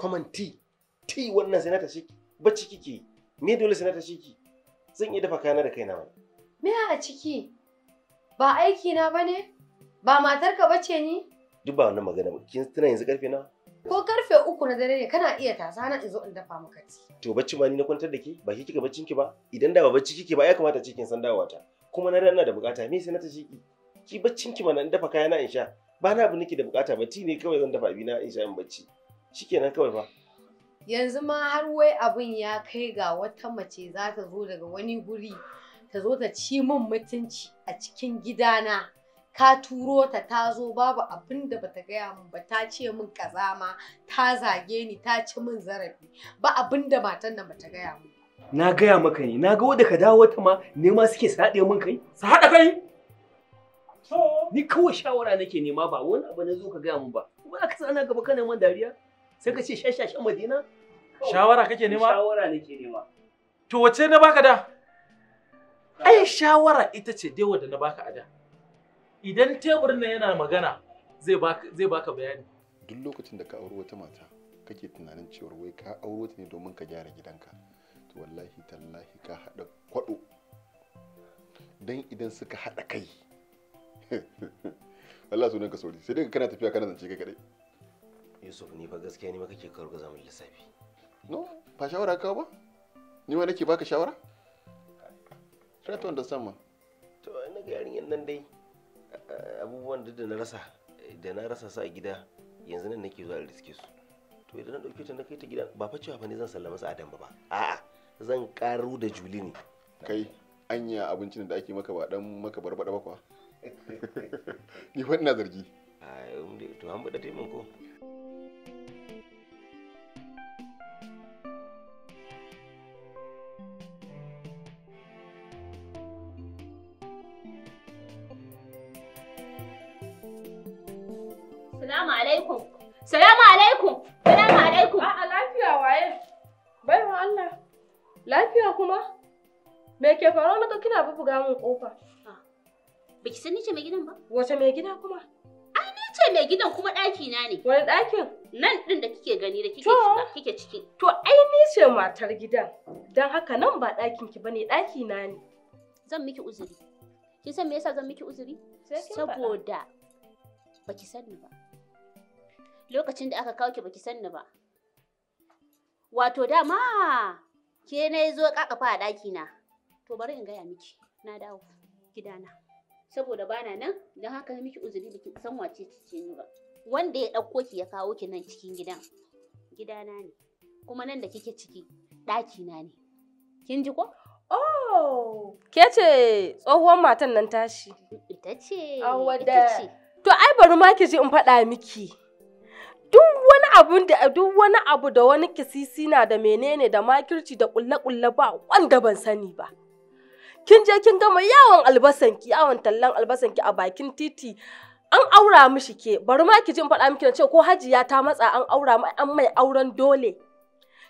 common tea tea wannan sai na tashi bacci kike Me dole sai na tashi ki zan iya dafa kayana da kaina ba me a ciki ba aiki na bane ba matar ka bace ni duk ba wannan magana kin tana yanzu karfe na ko karfe uku na dare ne kana iya tasa na in zo in dafa maka ci to bacci ma ni na kwantar da ke ba ki kika baccin ki ba idan da ba bacci kike ba ya kamata cikin san dawowa ta kuma na ina da bukata me sai na tashi ki ki baccin ki mana in dafa kayana in sha ba na abu nake da bukata ba ti ne kawai zan dafa abina in sha in bacci shikenan kawai ba yanzu ma har wai abin ya kai ga wata mace za ta zo daga wani guri ta zo ta ci min mutunci a cikin gidana ka turo ta ta zo babu abin da bata gaya min ba ta ce min kaza ma ta zage ni ta ci min zarafi ba abin da matan nan bata gaya min na gaya maka ne na ga wadda ka dawo ta ma nema suke saɗe haɗe min kai su haɗa kai ni kawai shawara nake nema ba wani abu na zo ka gaya min ba kuma aka sa ana gaba kana man dariya sai ka ce a madina shawara kake nema shawara nake nema to wace na baka da ai shawara ita ce dai wadda na baka a da idan tebur na yana magana zai baka zai baka bayani duk lokacin da ka auri wata mata kake tunanin cewar wai ka auro ta ne domin ka gyara gidanka to wallahi tallahi ka haɗa kwaɗo dan idan suka haɗa kai Allah sunan ka sauri sai dai kana tafiya kana zance kai kadai Yusuf ni fa gaskiya ni ma kake karo gaza min lissafi. No, ba shawara ka ba? Ni ma nake baka shawara? Try to understand ma. To ina ga yarinyan nan dai eh, abubuwan da na rasa da na rasa sa a gida yanzu nan nake zuwa riske su. To idan na dauke ta na kai ta gida ba fa cewa fa ne zan sallama su Adam ba ba. A'a zan karu da Juli ne. Kai anya abincin da ake maka ba dan maka barbada ba kwa. Ni fa ina zargi. to an buɗe taimako ko. Salamu alaikum. Salamu alaikum. Salamu alaikum. A'a lafiya waye? wa Allah. Lafiya kuma? Me ke faruwa na kina bubuga min kofa? Ah, ba ki san ni ce mai gidan ba? Wace mai gida kuma? Ai ni ce mai gidan kuma ɗaki na ne. Wani ɗakin? Nan ɗin da kike gani da kike shiga kike ciki. To ai ni ce matar gidan. Dan haka nan ba ɗakin ki bane ɗaki na ne. Zan miki uzuri. Kin san me yasa zan miki uzuri? Saboda ba san sani ba. lokacin da aka kawo ki baki sanni ba. Wato dama ke na zo kakafa a ɗaki na. To bari in gaya miki na dawo gidana. Saboda bana nan don haka miki uzuri baki san wace ce ni ba. Wanda ya ɗauko ki ya kawo ki nan cikin gidan. Gidana ne. Kuma nan da kike ciki ɗaki na ne. Kin ji ko? Oh, ke ce tsohuwar matan nan tashi. Ita ce. Ita ce. To ai bari ma ki ji in faɗa miki. abin da duk wani abu da wani kisisi na da menene da makirci da kulle-kulle ba wanda ban sani ba kin je kin gama yawon albasanki yawon tallan albasanki a bakin titi an aura mishi ke bari ma ki jin faɗa miki na ce ko hajiya ta matsa an aura mai an mai auren dole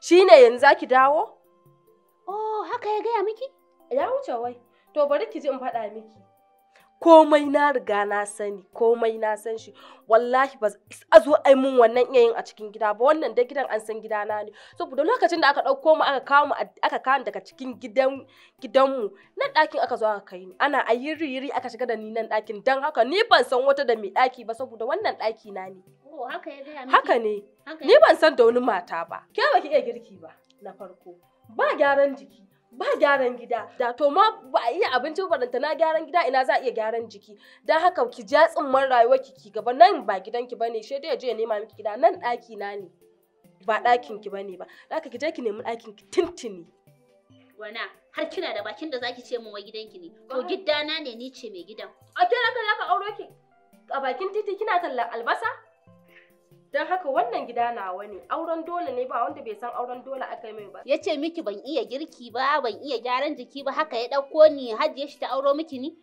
shine yanzu zaki dawo oh haka ya gaya miki ya wuce wai to bari ki ji in faɗa miki komai na riga na sani komai na san shi wallahi ba a zo ai mun wannan iya yin a cikin gida ba wannan da gidan an san gida na ne saboda lokacin da aka ɗauko mu aka kawo mu aka kawo daga cikin gidan gidanmu nan ɗakin aka zo aka kai ni ana a yiri yiri aka shiga da ni nan ɗakin dan haka ni ban san wata da mai ɗaki ba saboda wannan daki na oh, ne haka ne ni ban san da wani mata ba ke ba ki iya girki ba na farko ba gyaran jiki ba gyaran gida da to ma ba iya abincin faranta na gyaran gida ina za a iya gyaran jiki dan haka ki ja tsimman rayuwar ki gaba nan ba gidanki bane shi ya je ya nema miki gida nan ɗaki na ne ba ɗakin ki bane ba haka ki je ki nemi ɗakin ki tintini wana har kina da bakin da zaki ce min wai gidanki ne to gidana ne ni ce mai gidan a kai kan ka auro ki a bakin titi kina kallon albasa don haka wannan gida nawa ne auren dole ne ba wanda bai san auren dole aka yi mai ba ya ce miki ban iya girki ba ban iya gyaran jiki ba haka ya ɗauko ni hajiye shi ta auro miki ni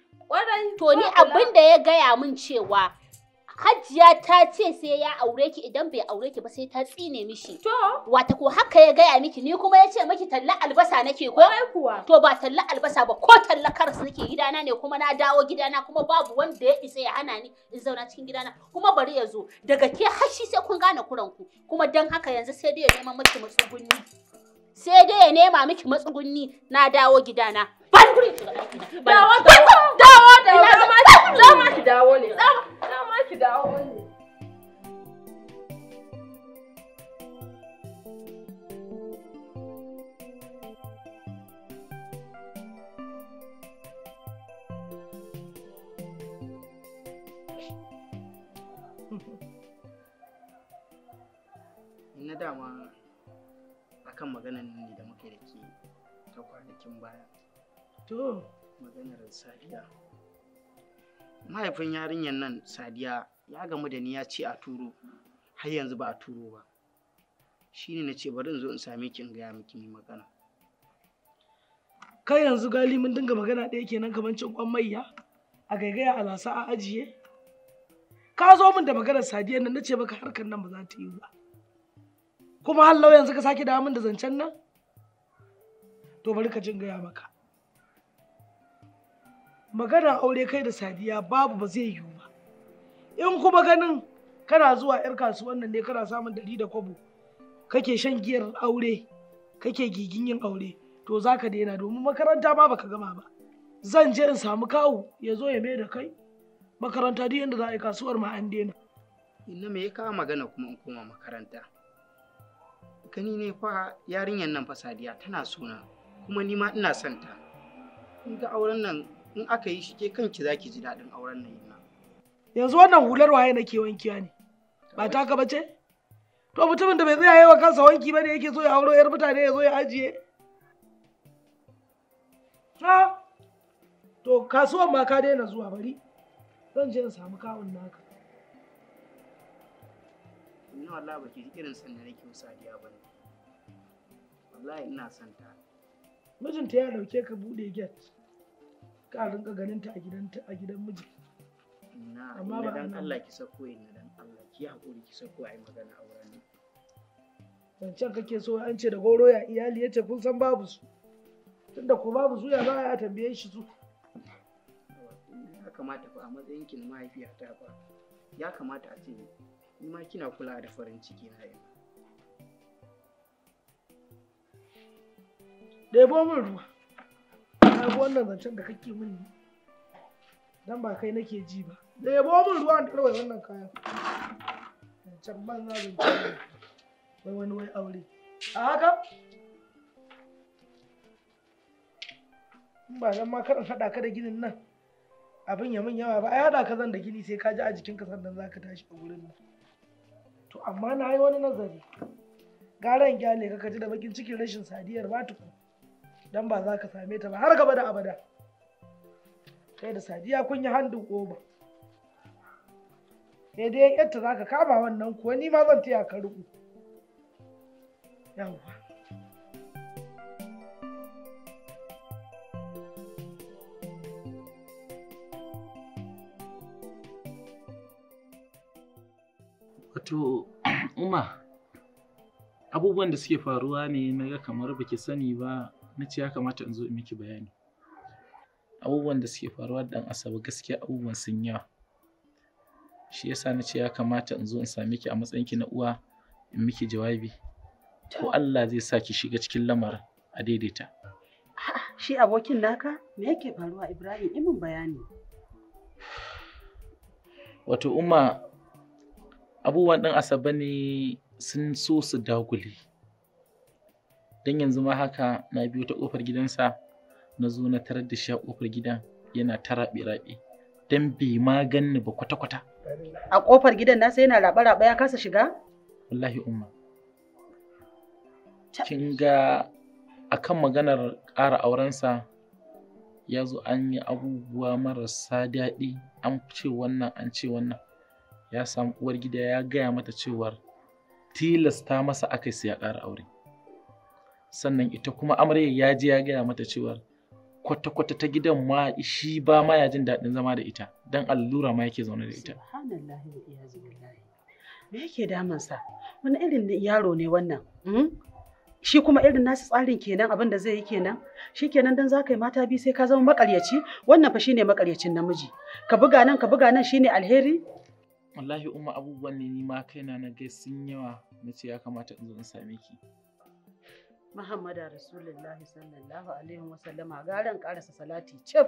to ni abin da ya gaya min cewa Hajiya ta ce sai ya aure ki idan bai aure ki ba sai ta tsine mishi. To. Wata ko haka ya gaya miki ni kuma ya ce miki talla albasa nake ko? Ai kuwa. To ba talla albasa ba ko talla karas nake gidana ne kuma na dawo gidana kuma babu wanda ya isa ya hana ni in zauna cikin gidana kuma bari ya zo daga ke har shi sai kun gane kuranku kuma dan haka yanzu sai dai ya nema miki matsugunni. Sai dai ya nema miki matsugunni na dawo gidana. Ban guri ki ga ɗaki na. Dawo dawo dawo dawo dawo dawo ne. ki dawo ne. na dama akan maganan ne da muke da ke ta kwanakin baya to maganar sadiya mahaifin yarinyar nan sadiya ya gamu da ni ya ce a turo har yanzu ba a turo ba shi ne na ce bari in zo in same ki in gaya miki ni magana kai yanzu gali mun dinga magana ɗaya kenan kamar cin kwan mayya a gaigaya a lasa a ajiye ka zo min da maganar sadiyar nan ce maka harkar nan ba za ta yi ba kuma har yanzu ka sake dawo min da zancen nan to bari ka jin gaya maka maganar aure kai da sadiya babu ba zai yiwu ba in kuma ganin kana zuwa 'yar kasuwan nan ne kana samun dari da kwabo kake shan giyar aure kake gigin yin aure to za ka daina domin makaranta ma baka gama ba zan je in samu kawu ya zo ya mai da kai makaranta duk yanda za a yi kasuwar ma an daina inna me ya kawo magana kuma in koma makaranta gani ne fa yarinyar nan fa sadiya tana suna kuma ni ma ina son ta in ga auren nan in aka yi shi ke kanki ki zaki ji daɗin auren nan yana. Yanzu wannan hular waye nake wankiya ne, ba ta ka bace? To mutumin da bai zai wa kansa wanki ba ne yake so ya auro yar mutane ya zo ya ajiye. Ha? To kasuwan ma ka daina zuwa bari, zan je in samu kawun naka. Ina wallahi ba ki irin san da nake sadiya ba ne. Wallahi ina son Mijinta ya dauke ka bude gate. ka rinka ganin ta a gidan a gidan miji amma ba dan Allah ki sako yin dan Allah ki hakuri ki sako ai magana auren ban zancen kake so an ce da goro ya iyali yace kun san babu su tunda ko babu su ya za a tambaye shi su ya kamata fa a matsayin kin na mahaifiyata ba, ya kamata a ce ni ma kina kula da farin ciki na yau ɗebo mun ruwa na fi wannan zancen da kake min dan ba kai nake ji ba da yabo min ruwan tarwai wannan kayan zancen na zancen wai wani wai aure a haka ba dan ma karin haɗa ka da ginin nan abin ya min yawa ba ai hada ka zan da gini sai ka ji a jikinka sannan za ka tashi a wurin nan to amma na yi wani nazari gara in gyale ka ji da bakin cikin rashin sadiyar ba tukun don ba za ka same ta ba har gaba da abada Sai da sadiya kun yi handin ƙoba sai dai yadda za ka kama wannan kuwa ni ma zan taya ka riƙo wato Umar, abubuwan da suke faruwa ne na ga kamar baki sani ba na ce ya kamata in zo in miki bayani abubuwan da suke faruwa da asabar gaskiya abubuwan sun yawa shi yasa na ce ya kamata in zo in same ki a matsayin ki na uwa in miki jawabi ko Allah zai sa ki shiga cikin lamarin a daidaita shi abokin naka me yake faruwa Ibrahim imin bayani wato umma abubuwan ɗan asabe ne sun so su dagule don yanzu ma haka na biyo ta ƙofar gidansa na zo na tarar da shi a ƙofar gidan yana ta raɓe-raɓe don bai ma ganni ba kwata-kwata. A ƙofar gidan nasa yana raɓe-raɓe ya kasa shiga? Wallahi umma. Kin ga a kan maganar ƙara aurensa ya zo an yi abubuwa marasa daɗi an ce wannan an ce wannan ya samu uwar gida ya gaya mata cewar tilasta masa aka siya ya ƙara aure. sannan ita kuma amaryar ya je ya gaya mata cewa kwata-kwata ta gidan ma shi ba ma ya jin daɗin zama da ita don allura ma yake zaune da ita. Me yake damansa? Wani irin yaro ne wannan? Hmm? Shi kuma irin nasu tsarin kenan abin da zai yi kenan? Shi kenan don za ka yi mata biyu sai ka zama makaryaci? Wannan fa ne makaryacin namiji. Ka buga nan ka buga nan shi ne alheri? Wallahi umma abubuwan ne ni ma kaina na ga sun yawa na ce ya kamata in zo in same ki. Muhammadu Rasulullahi sallallahu alaihi wasallama ran karasa salati cif.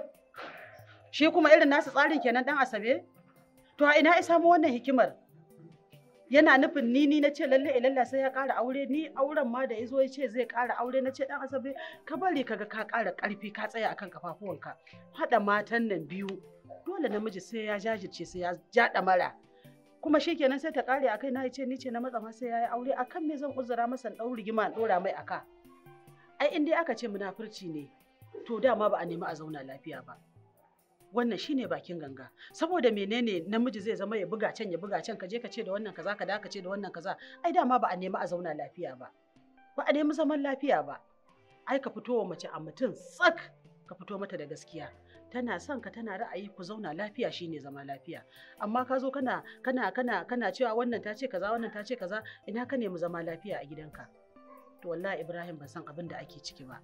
Shi kuma irin nasa tsarin kenan dan asabe? To a ina ya samu wannan hikimar? Yana nufin ni ni na ce lalle ilalla sai ya ƙara aure ni auren ma da yazo yace ce zai ƙara aure na ce dan asabe ka bari kaga ka kara karfi ka tsaya akan kafafuwanka. hada matan nan biyu dole namiji sai ya jajirce sai ya jaɗa mara. kuma shi kenan sai ta kare a kai na ce ni ce na matsa ma sai ya yi aure akan me zan uzura masa ɗau rigima dora ɗora mai aka. ai in dai aka ce munafurci ne to dama ba a nemi a zauna lafiya ba wannan shine bakin ganga saboda menene namiji zai zama ya buga can ya buga can ka je ka ce da wannan kaza ka da ka ce da wannan kaza ai dama ba a nemi a zauna lafiya ba ba a nemi zaman lafiya ba ai ka fito wa mace a mutum tsak ka fito mata da gaskiya tana son ka tana ra'ayi ku zauna lafiya shine zama lafiya amma ka zo kana kana kana kana cewa wannan ta ce kaza wannan ta ce kaza ina ka nemi zama lafiya a gidanka to wallahi Ibrahim ban san abin da ake ciki ba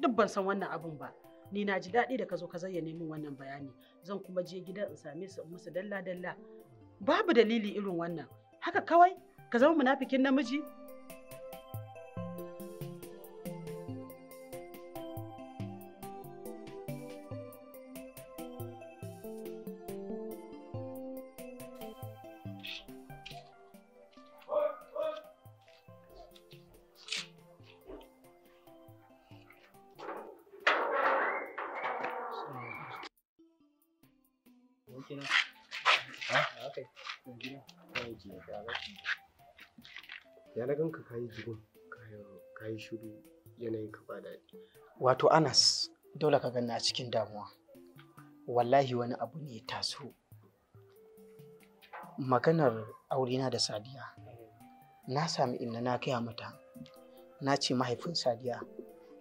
duk ban san wannan abin ba ni na ji daɗi da ka zo ka zayyane min wannan bayani zan kuma je gidan in same su in musu dalla dalla babu dalili irin wannan haka kawai ka zama munafikin namiji Ya na ganka kayi kayi yanayin ka daɗi. Wato Anas dole ka ganna a cikin damuwa. Wallahi wani abu ne taso. Maganar aurena da Sadiya. Na sami inna na gaya mata. Na ce mahaifin Sadiya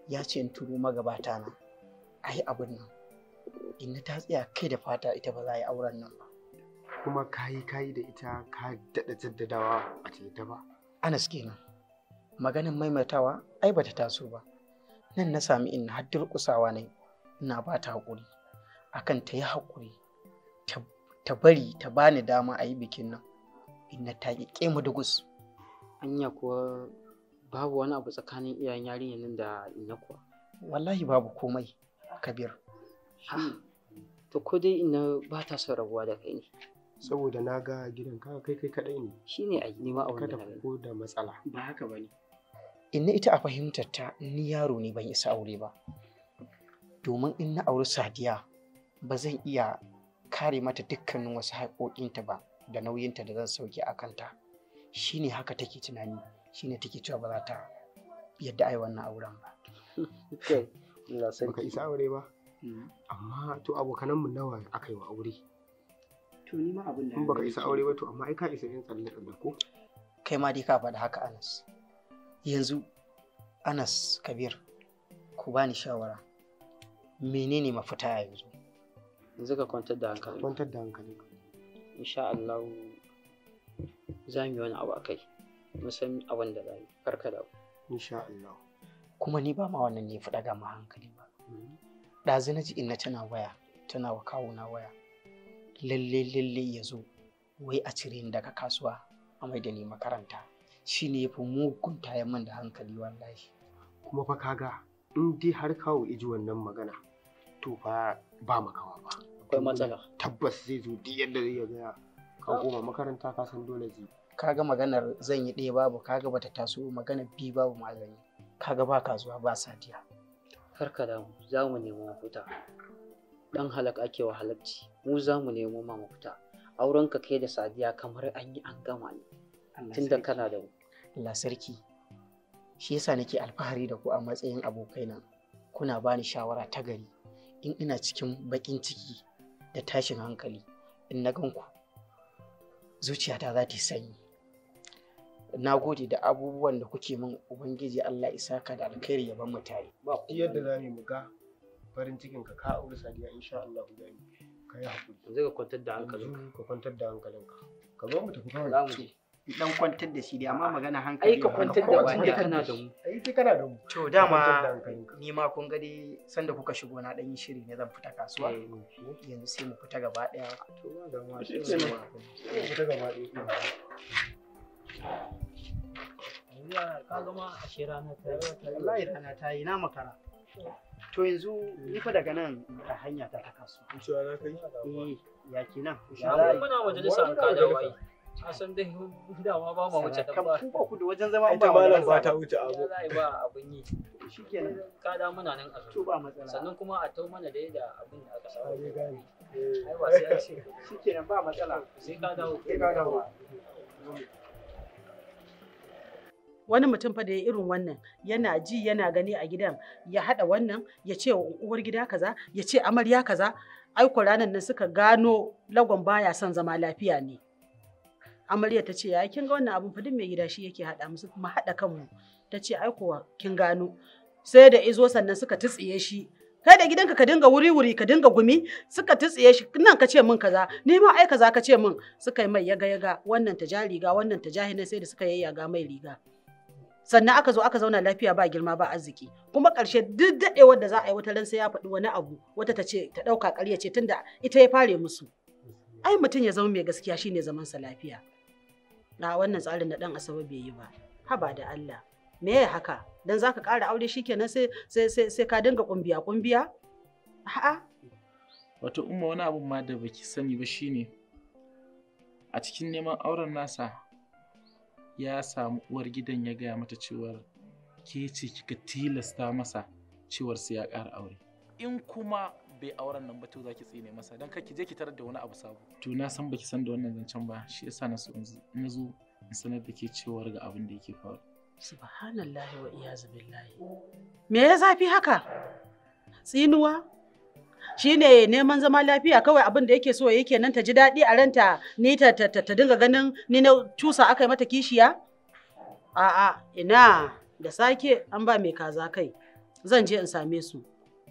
ya ce in turo magabata na. yi abin nan. Inna ta tsaya kai da fata ita ba za a yi auren nan ba. kuma kayi kayi da ita ka daɗa jaddadawa a ta ba. Anas kenan. Maganin maimaitawa ai bata taso ba. Nan na sami in haddar kusawa ne ina ba ta haƙuri akan ta yi haƙuri ta bari ta bani dama a yi bikin nan inna ta yi ƙe mu dugus. Anya kuwa babu wani abu tsakanin iyayen yarinyar nan da ina kuwa. Wallahi babu komai Kabir. Ah, to ko dai ina ba ta son rabuwa da kai ne. saboda na ga gidan kaga kai kai kadai ne ne a nema a wani kada ko da matsala ba haka ne inna ita a fahimtar ta ni yaro ne ban isa aure ba domin in na auri sadiya ba zan iya kare mata dukkanin wasu haƙoƙinta ba da nauyinta da zan sauke a kanta shi ne haka take tunani ne take cewa ba za ta yadda ai wannan auren ba ka isa aure ba mm. amma to abokananmu nawa aka yi wa aure to ni ma abin da in baka isa aure ba to amma ai ka isa yin tsalle tsalle ko kai ma dai ka faɗa haka Anas yanzu Anas Kabir ku bani shawara menene mafita yanzu yanzu ka kwantar da hankali kwantar da hankali insha Allah za mu yi wani abu akai mu san abin da za mu karka da insha Allah kuma ni ba ma wannan ne fi ga ma hankali ba mm-hmm. ɗazu na ji in na tana waya tana wa kawuna waya lalle lalle ya zo wai a cire ni daga kasuwa a mai da ni makaranta shine fi mugun tayan man da hankali wallahi kuma fa kaga in dai har kawo iji wannan magana to fa ba makawa ba akwai matsala tabbas zai zo duk yadda zai ga ka ah. koma makaranta ka san dole zai kaga maganar zan yi ɗaya babu kaga bata taso maganar bi babu malami kaga ba kasuwa ba sadiya har ka damu za mu nemi mafita dan halak ake wa halacci mu za mu nemo ma mafita aurenka kai da sadiya kamar an yi an gama ne da kana da mu Allah sarki shi yasa nake alfahari da ku a matsayin abokaina kuna bani shawara ta gari in ina cikin bakin ciki da tashin hankali in na ganku zuciyata za ta sanyi na gode da abubuwan da kuke min ubangiji Allah isa ka da alkhairi ya ban mu tare ba yadda za mu ga farin cikin ka ka aure sadiya insha Allah ku ka yi haƙuri yanzu ka kwantar da hankalinka ka kwantar da hankalinka ka zo mu tafi kawai za mu dan kwantar da shi dai amma magana hankali ai ka kwantar da wani kana da mu ai kana da mu to dama ni ma kun ga sanda kuka shigo na dan yi shiri ne zan fita kasuwa eh, yanzu sai mu fita gaba daya to da ma shi ne fita gaba ka gama ashe ta yi wallahi ta yi na makara To yanzu ni fa daga nan a hanya ta ta kasu. Cewa na kai? Eh, ya kenan. Ya muna majalisa an kada wai. A san dai dama ba ma wuce ta ba. Ku ku da wajen zama ba malam ba ta wuce abu. Wallahi ba abun yi. Shikenan. Kada muna nan a To ba matsala. Sannan kuma a tau mana dai da abin da aka saba. Ai gani. Ai ba sai an ce. Shikenan ba matsala. Sai ka dawo. Sai ka dawo. wani mutum fa da ya irin wannan yana ji yana gani a gidan ya haɗa wannan ya ce uwar gida kaza ya ce amarya kaza aiko ranar nan suka gano lagon baya son zama lafiya ne amarya ta ce ya kin ga wannan fa fadin mai gida shi yake hada musu kuma haɗa kanmu ta ce aiko kin gano sai da izo sannan suka tsiye shi kai da gidanka ka dinga wuri wuri ka dinga gumi suka tsiye shi nan ka ce min kaza ni ma ai kaza ka ce min suka yi mai yaga yaga wannan ta ja riga wannan ta ja sai da suka yayyaga mai riga sannan aka zo aka zauna lafiya ba girma ba arziki kuma ƙarshe duk daɗewar da za a yi wata sai ya faɗi wani abu wata ta ce ta ɗauka ƙarya ce tunda ita ya fare musu ai mutum ya zama mai gaskiya shine zaman sa lafiya na wannan tsarin da ɗan asabar bai yi ba haba da Allah me ya haka dan zaka ƙara aure shikenan sai sai sai sai ka dinga kumbiya kumbiya a'a wato umma wani abun ma da baki sani ba shine a cikin neman auren nasa ya samu uwar gidan ya gaya mata cewa ke ce kika tilasta masa cewar sai ya ƙara aure in kuma bai auren nan ba to zaki tsine masa dan ki je ki tarar da wani abu sabo to na san baki san da wannan zancen ba shi yasa na so na zo in sanar da ke cewar ga abin da yake faru subhanallahi wa iyazu billahi me ya zafi haka tsinuwa shine neman zama lafiya kawai abin da yake so ya yake nan ta ji daɗi a ranta ni ta ta dinga ganin ni na tusa aka yi mata kishiya a'a ina da sake an ba mai kaza kai zan je in same su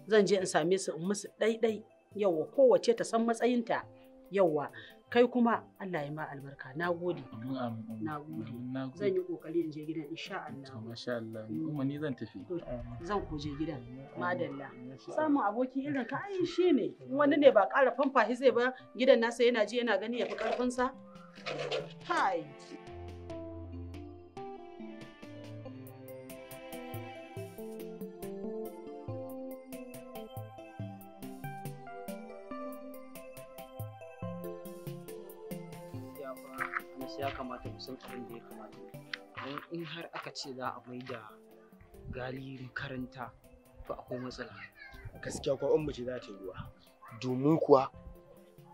zan je in same su in musu ɗaiɗai yawwa kowace ta san matsayinta yawa kai kuma Allah ya ma albarka na gode na gode zan yi kokari in je gidan insha Allah masha Allah mm. kuma ni zan tafi zan ko je gidan madalla samun aboki irin ka ai shi ne wani ne ba ƙara famfa zai ba gidan nasa yana ji yana gani ya fi ƙarfinsa hai su ya kamata mu san abin da ya kamata don in har aka ce za a mai da gali makaranta to akwai matsala gaskiya kuwa in mace za ta yi ruwa domin kuwa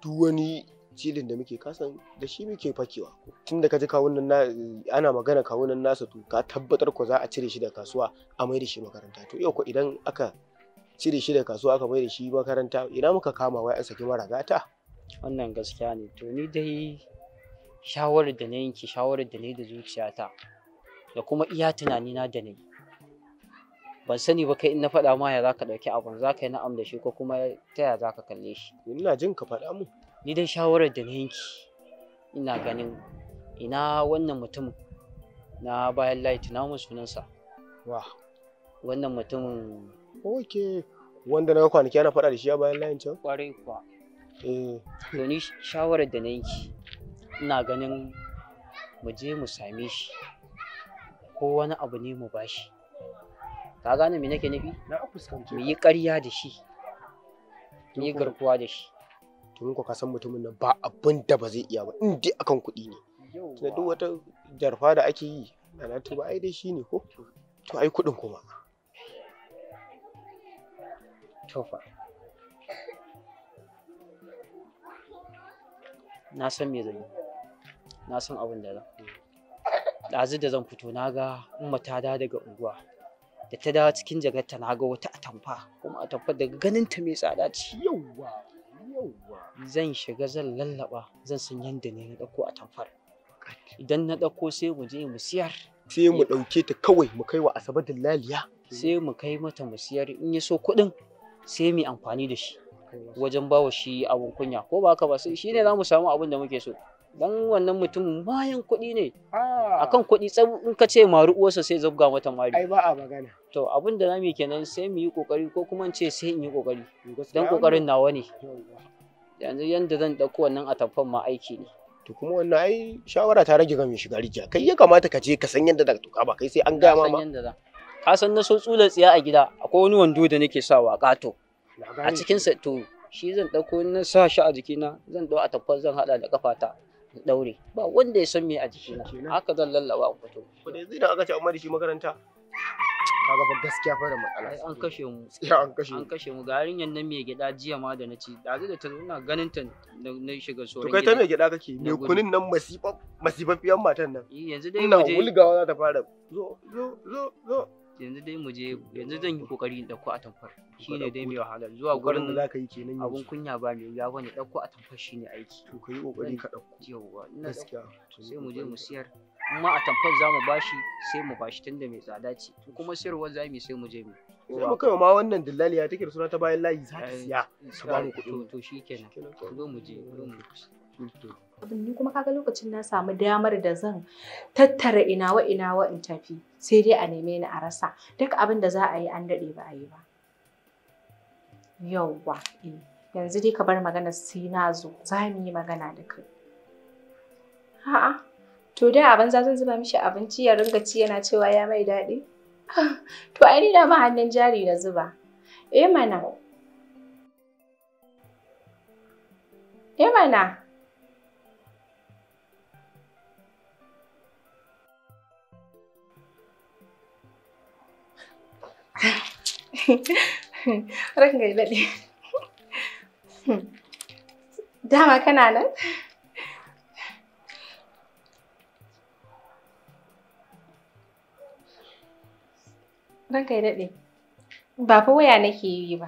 duk wani cilin da muke kasan da shi muke fakewa tun da ka ji kawunan na ana magana kawunan nasa to ka tabbatar ko za a cire shi da kasuwa a mai da shi makaranta to yau ko idan aka cire shi da kasuwa aka mai da shi makaranta ina muka kama wai an saki mara gata wannan gaskiya ne to ni dai shawarar da na yanke shawarar da na yi da zuciyata da kuma iya tunanina da na yi ban sani ba kai in na faɗa ma ya zaka ɗauki abun za yi na'am da shi ko kuma ta ya zaka kalle shi ina jin ka faɗa mu ni dai shawarar da na yanke ina ganin ina wannan mutum na bayan light na mu sunansa wa wannan mutumin ok wanda na kwanaki ana faɗa da shi a bayan layin can kware kuwa eh to ni shawarar da na yanke ina ganin mu je mu same shi ko wani abu ne mu bashi ka gane me nake nufi mu yi ƙarya da shi mu yi garkuwa da shi To ko ka san mutumin nan ba abin da ba zai iya ba in dai akan kuɗi ne da duk wata jarfa da ake yi ana tuba ai dai shine ko to ai kuɗin kuma fa na san me zan yi na san abin da zan ɗazu da zan fito na ga umma ta da daga unguwa da ta dawo cikin jagarta na ga wata atamfa kuma atamfa daga ganin ta mai tsada ce yawwa yawwa zan shiga zan lallaba zan san yanda ne na ɗauko atamfar idan na ɗauko sai mu je mu siyar sai mu ɗauke ta kawai mu kai wa asabar laliya sai mu kai mata mu siyar in ya so kuɗin sai mu amfani da shi wajen bawa shi abun kunya ko ba haka ba shi ne za mu samu abin da muke so dan wannan mutumin bayan kuɗi ne A ah. kan kuɗi tsab in ka ce mari uwarsa sai zabga mata mari ai ba a magana to abin da zamu kenan sai mu yi kokari ko kuma in ce sai in yi kokari dan kokarin nawa ne yanzu yanda zan dauko wannan atamfan ma aiki ne to kuma wannan ai shawara ta rage ga mai shiga rijiya kai ya kamata ka je ka san yanda da tuka ba kai sai an gaya ma ka san na so tsula tsiya a gida akwai wani wando da nake sawa kato a cikin sa to shi zan dauko na sa shi a jikina zan dau atamfan zan hada da kafata daure ba wanda ya san me a jikina haka zan lallaba in fito ko da yanzu idan aka ce amma da shi makaranta kaga fa gaskiya fa da matsala an kashe mu ya an kashe an kashe mu garin yan nan me gida jiya ma da naci zai da ta ina ganin ta na shiga soyayya to kai ta me gida kake me kunin nan masifa fiyan matan nan eh, yanzu dai ina wulgawa za ta fara zo zo zo yanzu dai mu je yanzu zan yi kokari in dauko a tamfar shine dai mai wahala zuwa gurin da zaka yi kenan abun kunya ba mai ya bane dauko a tamfar shine aiki to kai kokari ka dauko yawa gaskiya sai mu je mu siyar amma a tamfar zamu bashi sai mu bashi tunda mai tsada ce kuma siyarwar mu sai mu je mu sai mu kai ma wannan dillali ya take da suna ta bayan layi za ta eh, siya ta ba mu kuɗi to shikenan zo mu je zo mu abin ni kuma kaga lokacin na samu damar da zan tattara ina wa ina wa in tafi sai dai a neme ni a rasa duk abin da za a yi an daɗe ba a yi ba yauwa eh, yanzu dai ka bar magana sai na zo za mu yi magana da kai a'a to dai abin za zan zuba mishi abinci ya ringa ci yana cewa ya mai daɗi to ai ni da ma hannun jari na zuba eh mana eh mana Ranka ya daɗe. Hmm. Dama kana nan? Ranka ya daɗe. Ba fa waya nake yi ba.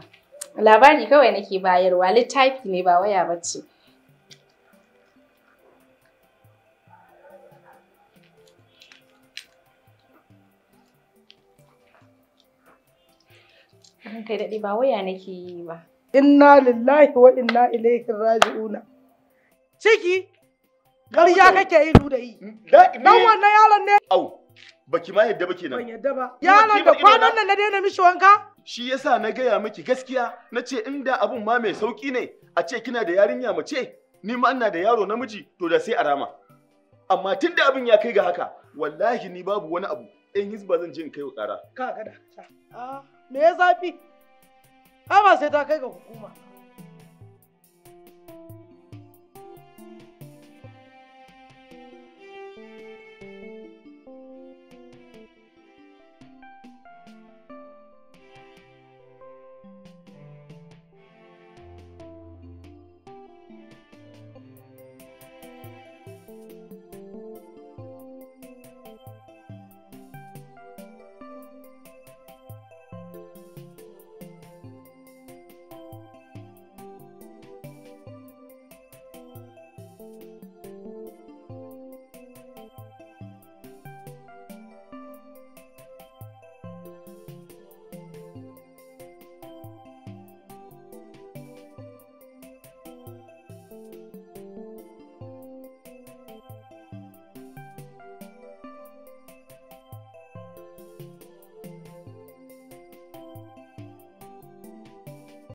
Labari kawai nake bayarwa, littafi ne ba waya ba ce. Kai daɗi ba waya nake yi ba. Inna lillahi wa inna ilaihi raji'una. Ciki ƙarya kake yi hmm? da yi. Dan wannan yaron ne. Au, baki ma yadda ba kenan. Ban yadda ba. Yaron da kwanan nan na daina mishi wanka. Shi yasa na gaya miki gaskiya na ce inda abun ma mai sauƙi ne a ce kina da yarinya mace ni ma ina da yaro namiji to da sai a rama. Amma tunda abin ya kai ga haka wallahi ni babu wani abu in hizba zan je in kai wa ƙara. Ka ga da. me ya zafi ai ba sai ta kai ga hukuma